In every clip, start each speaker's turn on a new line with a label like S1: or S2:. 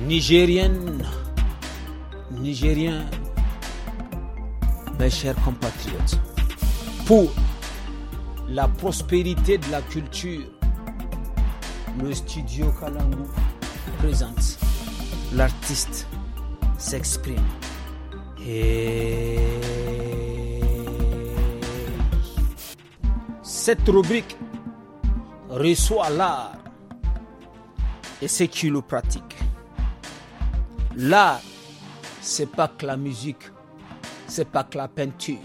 S1: Nigérienne, Nigérien, mes chers compatriotes, pour la prospérité de la culture, le studio Kalangu présente l'artiste s'exprime. Et cette rubrique reçoit l'art et ses qui le L'art, c'est pas que la musique, c'est pas que la peinture,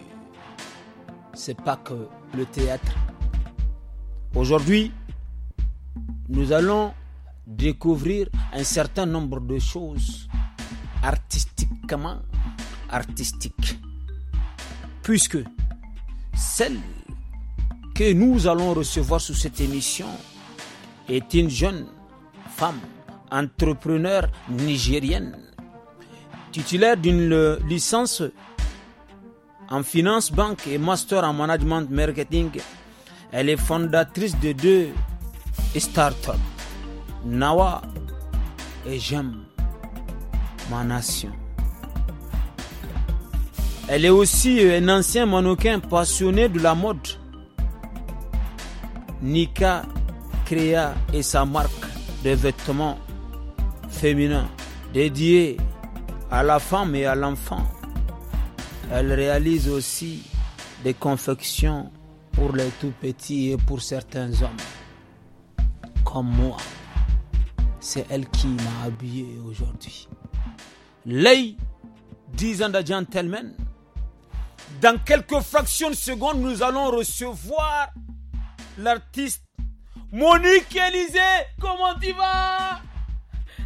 S1: c'est pas que le théâtre. Aujourd'hui, nous allons découvrir un certain nombre de choses artistiquement artistiques, puisque celle que nous allons recevoir sous cette émission est une jeune femme entrepreneur nigérienne, titulaire d'une licence en finance banque et master en management marketing. Elle est fondatrice de deux startups, Nawa et J'aime ma nation. Elle est aussi un ancien mannequin passionné de la mode. Nika créa et sa marque de vêtements féminin dédié à la femme et à l'enfant. Elle réalise aussi des confections pour les tout petits et pour certains hommes, comme moi. C'est elle qui m'a habillé aujourd'hui. Lei, ans de gentlemen, dans quelques fractions de secondes, nous allons recevoir l'artiste Monique Elisée. Comment tu vas?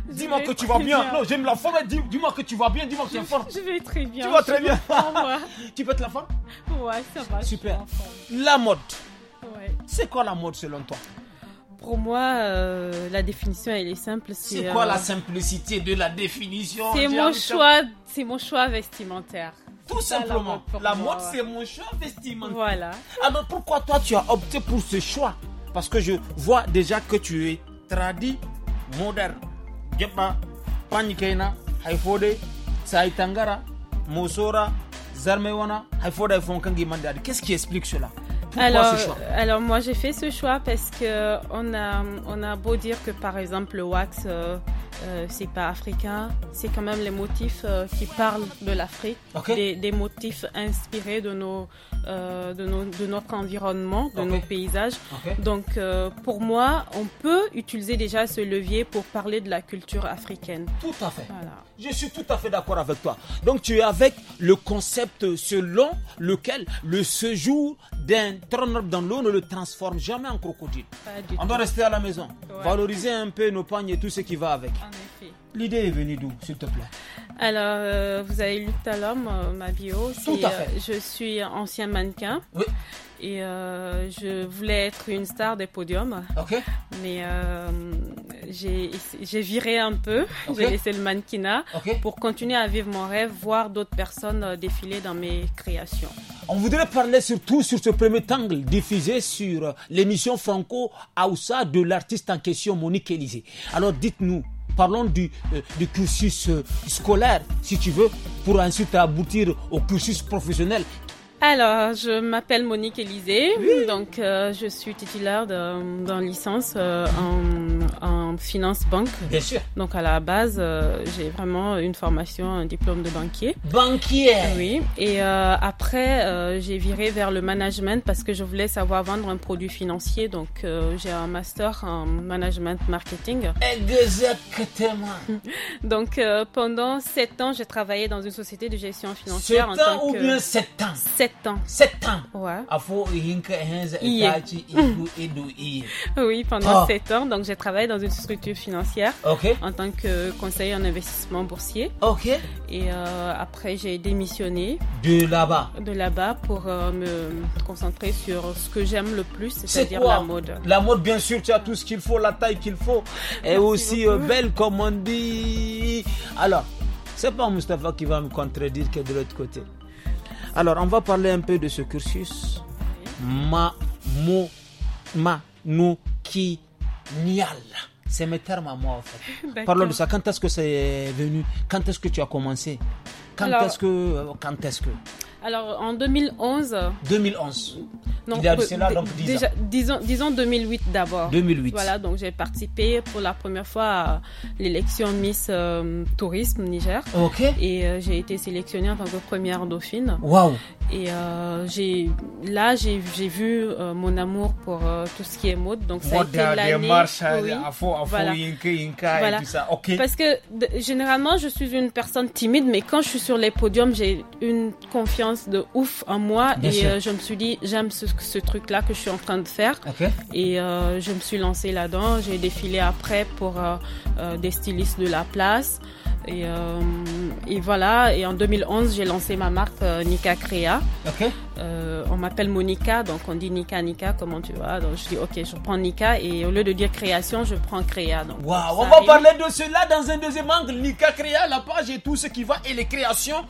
S2: Dis-moi que tu vas bien. Non, j'aime
S1: la forme. Dis-moi que tu vas bien. Dis-moi que tu es forte. Je
S2: vais très bien. Tu vas très bien.
S1: tu peux être la forme Ouais, ça va. Super. La mode.
S2: Ouais. C'est quoi la
S1: mode selon toi
S2: pour moi, euh, la définition, elle est simple. C'est quoi euh, la
S1: simplicité de la définition C'est mon choix,
S2: c'est mon choix vestimentaire. Tout simplement. La mode, c'est
S1: mon choix vestimentaire. Voilà. Alors pourquoi toi, tu as opté pour ce choix Parce que je vois déjà que tu es tradit, moderne jeɓɓa pañi keyna hay fode so hay tangara mosora zarme wana hay fode hay fon kangi mande qu'est ce qui explique cela alors,
S2: alors moi j'ai fait ce choix parce que on a, on a beau dire que par exemple le wax euh, euh, c'est pas africain. C'est quand même les motifs euh, qui parlent de l'Afrique, des, motifs inspirés de, nos, euh, de, nos, de notre environnement, de nos paysages. Donc pour moi, on peut utiliser déjà ce levier pour parler de la culture africaine. Tout à fait.
S1: Je suis tout à fait d'accord avec toi. Donc tu es avec le concept selon lequel le séjour d'un turner dans l'eau ne le transforme jamais en crocodile. On doit rester à la maison, valoriser un peu nos pagnes et tout ce qui va avec. Ah L'idée est venue d'où, s'il te plaît
S2: Alors, euh, vous avez lu tout à l'heure ma bio. Tout à euh, fait. je suis ancien mannequin. Oui. Et euh, je voulais être une star des podiums. OK. Mais j'ai viré un peu. J'ai laissé le mannequinat pour continuer à vivre mon rêve, voir d'autres personnes défiler dans mes créations.
S1: On voudrait parler surtout sur ce premier tangle diffusé sur l'émission Franco Aoussa de l'artiste en question Monique Élysée. Alors dites-nous, parlons du, euh, cursus euh, scolaire, si tu veux, pour ensuite aboutir au cursus professionnel.
S2: Alors, je m'appelle Monique Élisée, donc euh, je suis titulaire d'un licence en en finance banque. Bien sûr. Donc à la base, euh, j'ai vraiment une formation, un diplôme de banquier. Banquier. Oui. Et euh, après, euh, j'ai viré vers le management parce que je voulais savoir vendre un produit financier. Donc j'ai un master en management marketing. Exactement. Donc pendant sept ans, j'ai travaillé dans une société de gestion financière. Sept ans ou bien
S1: sept ans. Sept ans. 7 ans. Ouais.
S2: Oui, pendant oh. sept ans. Donc j'ai travaillé dans une structure financière en tant que conseiller en investissement boursier. Ok. Et euh, après, j'ai démissionné. De là-bas De là-bas pour euh, me concentrer sur ce que j'aime le plus, c'est-à-dire la mode. La
S1: mode, bien sûr, tu as tout ce qu'il faut, la taille qu'il faut. Et aussi euh, belle, comme on dit. Alors, c'est pas Mustapha qui va me contredire que de l'autre côté. Alors, on va parler un peu de ce cursus. Ma, mo, ma, nous, qui, Nial. C'est mes termes à moi, en fait. Parlons de ça. Quand est-ce que c'est venu Quand est-ce que tu as commencé Quand est-ce que. Euh, quand est-ce que.
S2: Alors, en 2011. 2011.
S1: Non, il déjà,
S2: ans. Disons, 2008 d'abord. 2008. Voilà, donc j'ai participé pour la première fois à l'élection Miss euh, Tourisme Niger. Ok. Et euh, j'ai été sélectionnée en tant que première dauphine. Waouh. Et euh, j'ai là, j'ai vu euh, mon amour pour euh, tout ce qui est mode. Donc, ça a été l'année.
S1: Parce
S2: que généralement, je suis une personne timide, mais quand je suis sur les podiums, j'ai une confiance de ouf en moi. et euh, je me suis dit, j'aime ce, ce truc-là que je suis en train de faire. Et je me suis lancée là-dedans. J'ai défilé après pour des stylistes de la place. Euh, et, voilà, et en 2011, j'ai lancé ma marque euh, Nika Crea. Euh, on m'appelle Monica, donc on dit Nika, Nika, comment tu vas Donc je dis, ok, je prends Nika, et au lieu de dire création, je prends Crea. Donc, wow, on va parler
S1: de cela dans un deuxième angle. Nika Crea, la page et tout ce qui va, et les créations.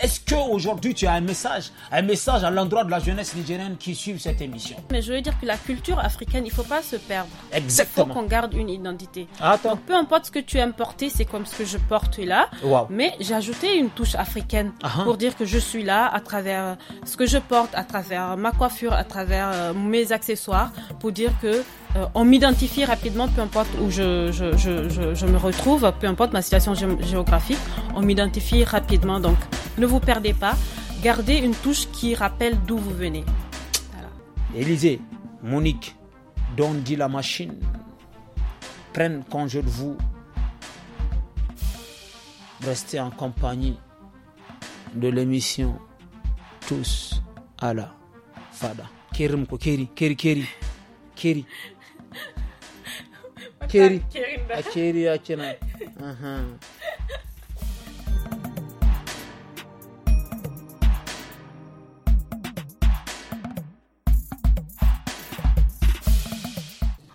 S1: Est-ce qu'aujourd'hui tu as un message, un message à l'endroit de la jeunesse nigérienne qui suit cette émission
S2: Mais je veux dire que la culture africaine, il ne faut pas se perdre. Exactement. Il faut qu'on garde une identité. peu importe ce que tu aimes porter, c'est comme ce que je porte là. Mais j'ai ajouté une touche africaine ah ah. pour dire que je suis là à travers euh, ce que je porte, à travers euh, ma coiffure, à travers euh, mes accessoires, pour dire que on m'identifie rapidement, peu importe où je, je, je, je, me retrouve, peu importe ma situation géographique, on m'identifie rapidement. Donc, ne vous perdez pas. Gardez une touche qui rappelle d'où vous venez.
S1: Voilà. Monique, Don dit la machine. Prennent congé de vous. Restez en compagnie de l'émission Tous à la Fada. Keri, Keri, Keri, Keri,